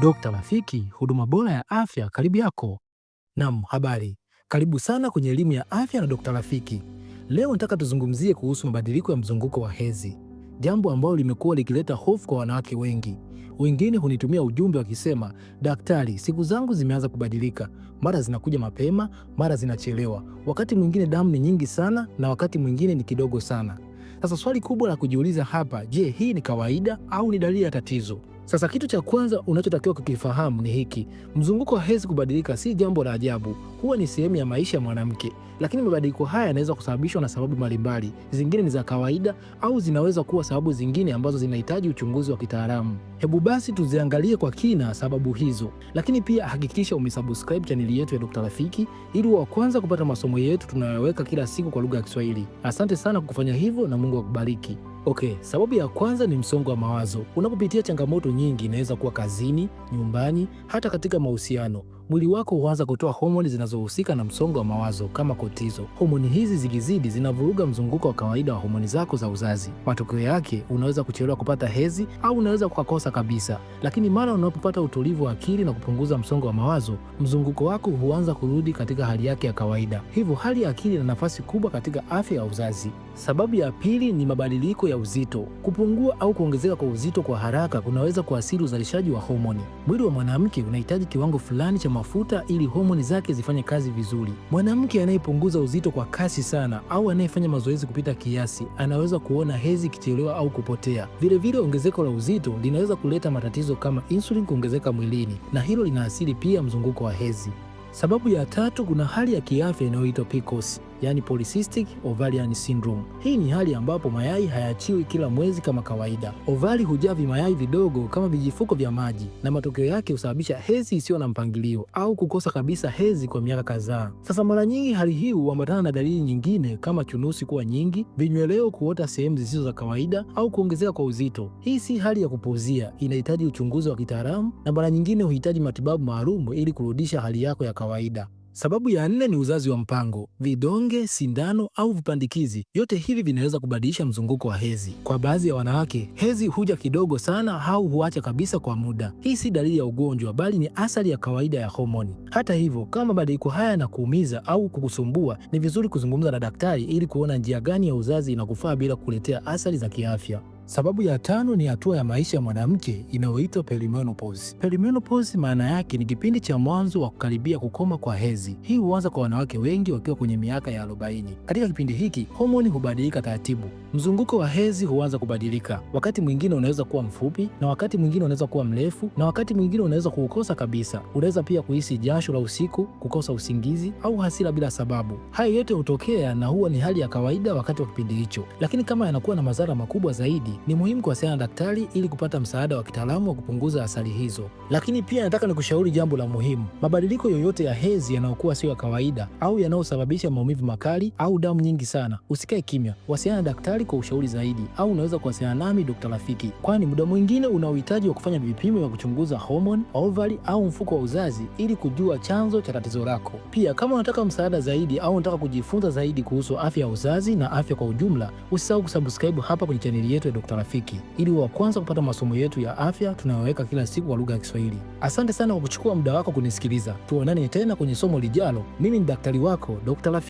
Dokta Rafiki, huduma bora ya afya karibu yako. Naam, habari, karibu sana kwenye elimu ya afya na Dokta Rafiki. Leo nataka tuzungumzie kuhusu mabadiliko ya mzunguko wa hedhi, jambo ambalo limekuwa likileta hofu kwa wanawake wengi. Wengine hunitumia ujumbe wakisema, daktari, siku zangu zimeanza kubadilika, mara zinakuja mapema, mara zinachelewa, wakati mwingine damu ni nyingi sana na wakati mwingine ni kidogo sana. Sasa swali kubwa la kujiuliza hapa, je, hii ni kawaida au ni dalili ya tatizo? Sasa kitu cha kwanza unachotakiwa kukifahamu ni hiki: mzunguko hawezi kubadilika, si jambo la ajabu, huwa ni sehemu ya maisha ya mwanamke. Lakini mabadiliko haya yanaweza kusababishwa na sababu mbalimbali, zingine ni za kawaida au zinaweza kuwa sababu zingine ambazo zinahitaji uchunguzi wa kitaalamu. Hebu basi tuziangalie kwa kina sababu hizo, lakini pia hakikisha umesubscribe chaneli yetu ya Dokta Rafiki ili wa kwanza kupata masomo yetu tunayoweka kila siku kwa lugha ya Kiswahili. Asante sana kwa kufanya hivyo na Mungu akubariki. Okay, sababu ya kwanza ni msongo wa mawazo. Unapopitia changamoto nyingi, inaweza kuwa kazini, nyumbani, hata katika mahusiano mwili wako huanza kutoa homoni zinazohusika na msongo wa mawazo kama kotizo Homoni hizi zikizidi, zinavuruga mzunguko wa kawaida wa homoni zako za uzazi. Matokeo yake, unaweza kuchelewa kupata hezi au unaweza kukakosa kabisa. Lakini mara unapopata utulivu wa akili na kupunguza msongo wa mawazo, mzunguko wako huanza kurudi katika hali yake ya kawaida. Hivyo hali ya akili ina nafasi kubwa katika afya ya uzazi. Sababu ya pili ni mabadiliko ya uzito. Kupungua au kuongezeka kwa uzito kwa haraka kunaweza kuathiri uzalishaji wa homoni. Mwili wa mwanamke unahitaji kiwango fulani cha mafuta ili homoni zake zifanye kazi vizuri. Mwanamke anayepunguza uzito kwa kasi sana au anayefanya mazoezi kupita kiasi anaweza kuona hezi ikichelewa au kupotea. Vilevile, ongezeko la uzito linaweza kuleta matatizo kama insulin kuongezeka mwilini, na hilo linaathiri pia mzunguko wa hezi Sababu ya tatu, kuna hali ya kiafya inayoitwa PCOS yani polycystic ovarian syndrome. Hii ni hali ambapo mayai hayachiwi kila mwezi kama kawaida. Ovari hujaa vimayai vidogo kama vijifuko vya maji, na matokeo yake husababisha hezi isiyo na mpangilio au kukosa kabisa hezi kwa miaka kadhaa. Sasa mara nyingi hali hii huambatana na dalili nyingine kama chunusi kuwa nyingi, vinyweleo kuota sehemu zisizo za kawaida au kuongezeka kwa uzito. Hii si hali ya kupozia inahitaji uchunguzi wa kitaalamu na mara nyingine huhitaji matibabu maalum ili kurudisha hali yako ya kawaida. Sababu ya nne ni uzazi wa mpango. Vidonge, sindano au vipandikizi, yote hivi vinaweza kubadilisha mzunguko wa hedhi. Kwa baadhi ya wanawake, hedhi huja kidogo sana au huacha kabisa kwa muda. Hii si dalili ya ugonjwa, bali ni athari ya kawaida ya homoni. Hata hivyo, kama mabadiliko haya yanakuumiza au kukusumbua, ni vizuri kuzungumza na daktari ili kuona njia gani ya uzazi inakufaa bila kuletea athari za kiafya. Sababu ya tano ni hatua ya maisha ya mwanamke inayoitwa perimenopause. Perimenopause maana yake ni kipindi cha mwanzo wa kukaribia kukoma kwa hedhi. Hii huanza kwa wanawake wengi wakiwa kwenye miaka ya arobaini. Katika kipindi hiki homoni hubadilika taratibu, mzunguko wa hedhi huanza kubadilika. Wakati mwingine unaweza kuwa mfupi, na wakati mwingine unaweza kuwa mrefu, na wakati mwingine unaweza kuukosa kabisa. Unaweza pia kuhisi jasho la usiku, kukosa usingizi au hasira bila sababu. Haya yote hutokea na huwa ni hali ya kawaida wakati wa kipindi hicho, lakini kama yanakuwa na madhara makubwa zaidi ni muhimu kuwasiliana na daktari ili kupata msaada wa kitaalamu wa kupunguza athari hizo. Lakini pia nataka nikushauri jambo la muhimu: mabadiliko yoyote ya hedhi yanayokuwa sio ya kawaida au yanayosababisha maumivu makali au damu nyingi sana, usikae kimya, wasiliana na daktari kwa ushauri zaidi, au unaweza kuwasiliana nami Dr. Rafiki, kwani muda mwingine una uhitaji wa kufanya vipimo vya kuchunguza homoni, ovari au mfuko wa uzazi ili kujua chanzo cha tatizo lako. Pia kama unataka msaada zaidi au unataka kujifunza zaidi kuhusu afya ya uzazi na afya kwa ujumla, usisahau kusubscribe hapa kwenye chaneli yetu ya Dr. Rafiki ili wa kwanza kupata masomo yetu ya afya tunayoweka kila siku kwa lugha ya Kiswahili. Asante sana kwa kuchukua muda wako kunisikiliza. Tuonane tena kwenye somo lijalo. Mimi ni daktari wako Dr. Rafiki.